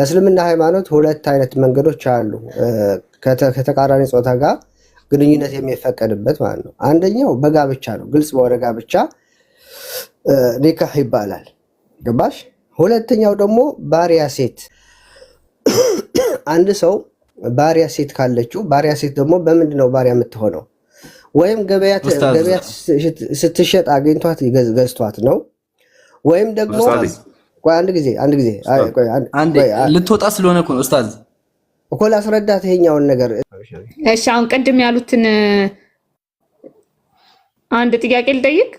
በእስልምና ሃይማኖት ሁለት አይነት መንገዶች አሉ ከተቃራኒ ጾታ ጋር ግንኙነት የሚፈቀድበት ማለት ነው። አንደኛው በጋብቻ ነው፣ ግልጽ በሆነ ጋብቻ ኒካህ ይባላል። ገባሽ? ሁለተኛው ደግሞ ባሪያ ሴት። አንድ ሰው ባሪያ ሴት ካለችው፣ ባሪያ ሴት ደግሞ በምንድን ነው ባሪያ የምትሆነው? ወይም ገበያ ስትሸጥ አግኝቷት ገዝቷት ነው ወይም ደግሞ ቆይ አንድ ጊዜ አንድ ጊዜ ልትወጣ ስለሆነ እኮ ነው ኡስታዝ እኮ ላስረዳት ይሄኛውን ነገር። እሺ አሁን ቅድም ያሉትን አንድ ጥያቄ ልጠይቅ።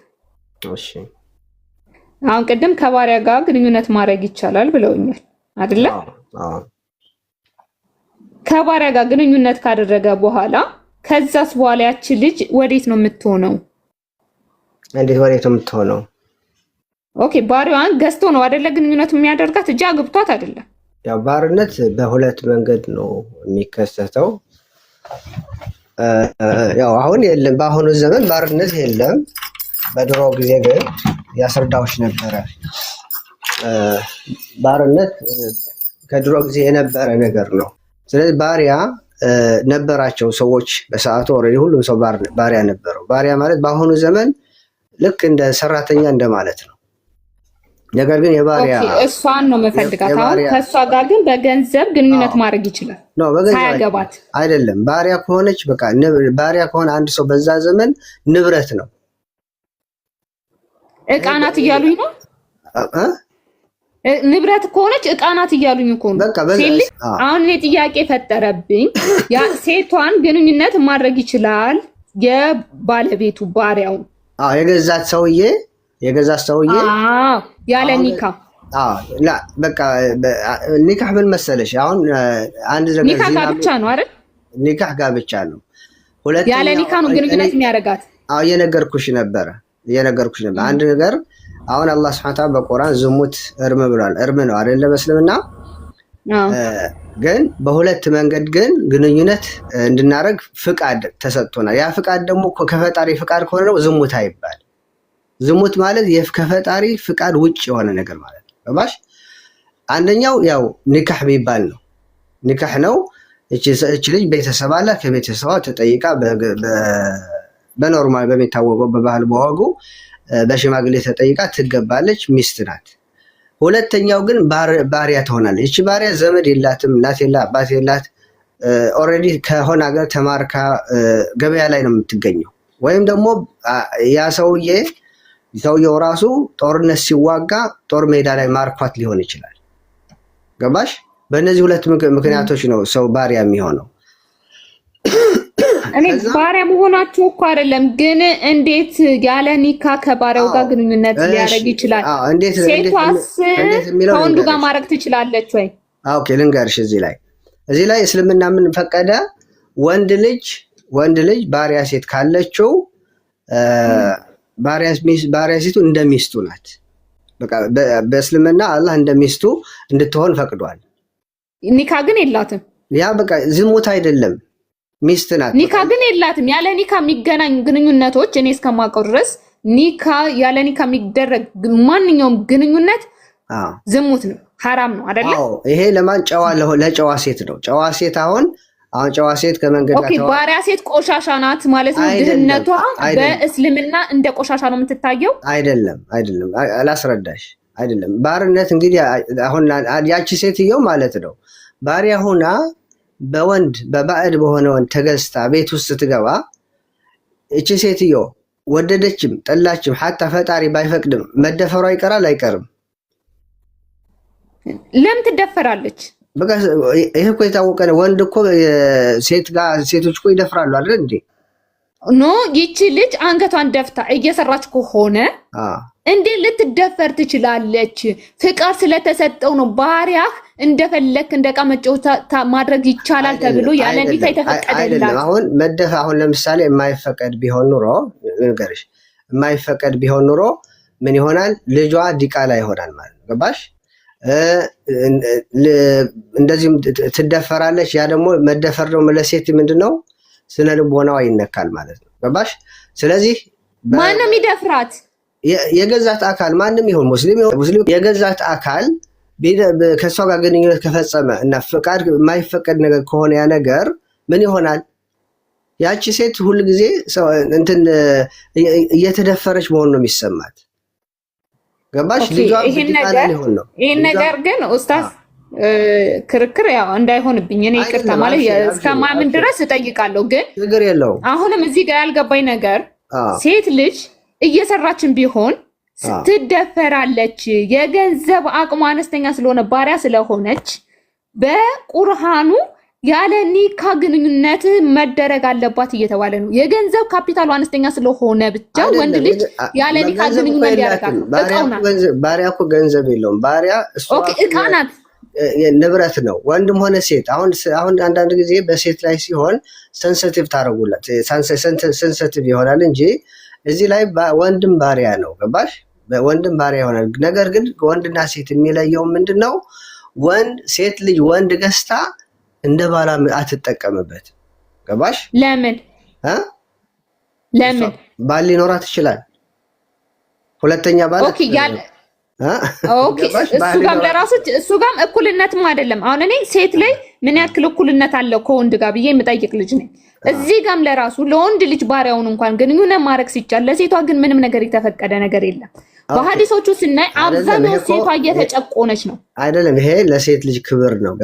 እሺ አሁን ቅድም ከባሪያ ጋር ግንኙነት ማድረግ ይቻላል ብለውኛል አይደለ? ከባሪያ ጋር ግንኙነት ካደረገ በኋላ ከዛስ በኋላ ያቺ ልጅ ወዴት ነው የምትሆነው? እንዴት ወዴት ነው የምትሆነው? ኦኬ ባሪዋን ገዝቶ ነው አደለ ግንኙነት የሚያደርጋት እጅ አግብቷት አይደለም። ያው ባርነት በሁለት መንገድ ነው የሚከሰተው። ያው አሁን የለም፣ በአሁኑ ዘመን ባርነት የለም። በድሮ ጊዜ ግን ያስረዳዎች ነበረ። ባርነት ከድሮ ጊዜ የነበረ ነገር ነው። ስለዚህ ባሪያ ነበራቸው ሰዎች በሰዓቱ ኦልሬዲ ሁሉም ሰው ባሪያ ነበረው። ባሪያ ማለት በአሁኑ ዘመን ልክ እንደ ሰራተኛ እንደማለት ነው። ነገር ግን የባሪያ እሷን ነው የምፈልጋት። አሁን ከእሷ ጋር ግን በገንዘብ ግንኙነት ማድረግ ይችላል። ሳያገባት አይደለም። ባሪያ ከሆነች በቃ ባሪያ ከሆነ አንድ ሰው በዛ ዘመን ንብረት ነው፣ እቃ ናት እያሉኝ ነው። ንብረት ከሆነች እቃ ናት እያሉኝ እኮ ነው። አሁን እኔ ጥያቄ ፈጠረብኝ። ሴቷን ግንኙነት ማድረግ ይችላል የባለቤቱ ባሪያውን የገዛት ሰውዬ የገዛ ሰውዬ ያለ ኒካ በቃ ኒካህ ምን መሰለሽ፣ አሁን አንድ ኒካህ ጋብቻ ነው አይደል? ኒካህ ጋብቻ ነው። ሁለት ያለ ኒካህ ነው ግንኙነት የሚያደርጋት። አዎ የነገርኩሽ ነበረ የነገርኩሽ ነበር አንድ ነገር። አሁን አላህ ስብሐ ወተዓላ በቁርአን ዝሙት እርም ብሏል። እርም ነው አይደል? በእስልምና ግን በሁለት መንገድ ግን ግንኙነት እንድናደርግ ፍቃድ ተሰጥቶናል። ያ ፍቃድ ደግሞ ከፈጣሪ ፍቃድ ከሆነ ነው ዝሙት አይባል ዝሙት ማለት ከፈጣሪ ፍቃድ ውጭ የሆነ ነገር ማለት ነው። ባሽ አንደኛው ያው ኒካህ የሚባል ነው። ኒካህ ነው። እች ልጅ ቤተሰብ አላት። ከቤተሰባ ተጠይቃ በኖርማል በሚታወቀው በባህል በዋጉ በሽማግሌ ተጠይቃ ትገባለች። ሚስት ናት። ሁለተኛው ግን ባሪያ ትሆናለች። እቺ ባሪያ ዘመድ የላትም፣ እናት የላት፣ አባት የላት። ኦልሬዲ ከሆነ ሀገር ተማርካ ገበያ ላይ ነው የምትገኘው። ወይም ደግሞ ያ ሰውዬ ሰውየው ራሱ ጦርነት ሲዋጋ ጦር ሜዳ ላይ ማርኳት ሊሆን ይችላል። ገባሽ? በእነዚህ ሁለት ምክንያቶች ነው ሰው ባሪያ የሚሆነው። እኔ ባሪያ መሆናቸው እኮ አይደለም፣ ግን እንዴት ያለ ኒካ ከባሪያው ጋር ግንኙነት ሊያደርግ ይችላል? ሴቷስ ከወንዱ ጋር ማድረግ ትችላለች ወይ? ኦኬ፣ ልንገርሽ እዚህ ላይ እዚህ ላይ እስልምና ምን ፈቀደ? ወንድ ልጅ ወንድ ልጅ ባሪያ ሴት ካለችው ባሪያ እንደ ሚስቱ ናት። በእስልምና አላህ እንደ ሚስቱ እንድትሆን ፈቅዷል። ኒካ ግን የላትም። ያ በቃ ዝሙት አይደለም፣ ሚስት ናት። ኒካ ግን የላትም። ያለ ኒካ የሚገናኙ ግንኙነቶች እኔ እስከማውቀው ድረስ ኒካ ያለ ኒካ የሚደረግ ማንኛውም ግንኙነት ዝሙት ነው፣ ሀራም ነው አይደለ? ይሄ ለማን ጨዋ ለጨዋ ሴት ነው። ጨዋ ሴት አሁን አሁን ጨዋ ሴት ከመንገድ ኦኬ፣ ባሪያ ሴት ቆሻሻ ናት ማለት ነው። ድህነቷ በእስልምና እንደ ቆሻሻ ነው የምትታየው። አይደለም፣ አይደለም፣ አላስረዳሽ አይደለም። ባርነት እንግዲህ አሁን ያቺ ሴትየው ማለት ነው ባሪያ ሆና በወንድ በባዕድ በሆነ ወንድ ተገዝታ ቤት ውስጥ ስትገባ እቺ ሴትዮ ወደደችም ጠላችም ሀታ ፈጣሪ ባይፈቅድም መደፈሯ ይቀራል አይቀርም። ለምን ትደፈራለች? በቃ ይሄ እኮ የታወቀ ነው። ወንድ እኮ ሴት ጋር ሴቶች እኮ ይደፍራሉ አይደል እንዴ? ኖ ይቺ ልጅ አንገቷን ደፍታ እየሰራች ከሆነ እንዴት ልትደፈር ትችላለች? ፍቃድ ስለተሰጠው ነው። ባሪያህ እንደፈለክ እንደ ዕቃ መጫወቻ ማድረግ ይቻላል ተብሎ ያለ እንዲታ የተፈቀደላት። አሁን መደፍ አሁን ለምሳሌ የማይፈቀድ ቢሆን ኑሮ ንገርሽ፣ የማይፈቀድ ቢሆን ኑሮ ምን ይሆናል? ልጇ ዲቃላ ይሆናል ማለት ነው። ገባሽ? እንደዚህም ትደፈራለች። ያ ደግሞ መደፈር ደግሞ ለሴት ምንድን ነው ስነ ልቦናዋ ይነካል ማለት ነው። ገባሽ? ስለዚህ ማንም ይደፍራት የገዛት አካል ማንም ይሁን ሙስሊም ሙስሊም የገዛት አካል ከእሷ ጋር ግንኙነት ከፈጸመ እና ፍቃድ የማይፈቀድ ነገር ከሆነ ያ ነገር ምን ይሆናል? ያቺ ሴት ሁልጊዜ እንትን እየተደፈረች መሆን ነው የሚሰማት። ገባሽ? ይሄን ነገር ግን ኡስታዝ ክርክር ያው እንዳይሆንብኝ እኔ ይቅርታ ማለት እስከማምን ድረስ እጠይቃለሁ። ግን የለው። አሁንም እዚህ ጋር ያልገባኝ ነገር ሴት ልጅ እየሰራችን ቢሆን ትደፈራለች። የገንዘብ አቅሙ አነስተኛ ስለሆነ ባሪያ ስለሆነች በቁርሃኑ ያለ ኒካ ግንኙነት መደረግ አለባት እየተባለ ነው። የገንዘብ ካፒታሉ አነስተኛ ስለሆነ ብቻ ወንድ ልጅ ያለ ኒካ ግንኙነት ያደርጋል። ባሪያ እኮ ገንዘብ የለውም። ባሪያ እቃ ናት፣ ንብረት ነው። ወንድም ሆነ ሴት። አሁን አንዳንድ ጊዜ በሴት ላይ ሲሆን ሴንሲቲቭ ታደርጉላት ሴንሲቲቭ ይሆናል እንጂ እዚህ ላይ ወንድም ባሪያ ነው። ገባሽ? ወንድም ባሪያ ይሆናል። ነገር ግን ወንድና ሴት የሚለየው ምንድን ነው? ወንድ ሴት ልጅ ወንድ ገዝታ እንደ ባላ አትጠቀምበት። ገባሽ? ለምን ለምን ባል ሊኖራት ይችላል። ሁለተኛ ባል እሱ ጋም እኩልነትም አይደለም። አሁን እኔ ሴት ላይ ምን ያክል እኩልነት አለው ከወንድ ጋር ብዬ የምጠይቅ ልጅ ነኝ። እዚህ ጋም ለራሱ ለወንድ ልጅ ባሪያውን እንኳን ግንኙነት ማድረግ ሲቻል፣ ለሴቷ ግን ምንም ነገር የተፈቀደ ነገር የለም። በሀዲሶቹ ስናይ አብዛኛው ሴቷ እየተጨቆነች ነው። አይደለም ይሄ ለሴት ልጅ ክብር ነው።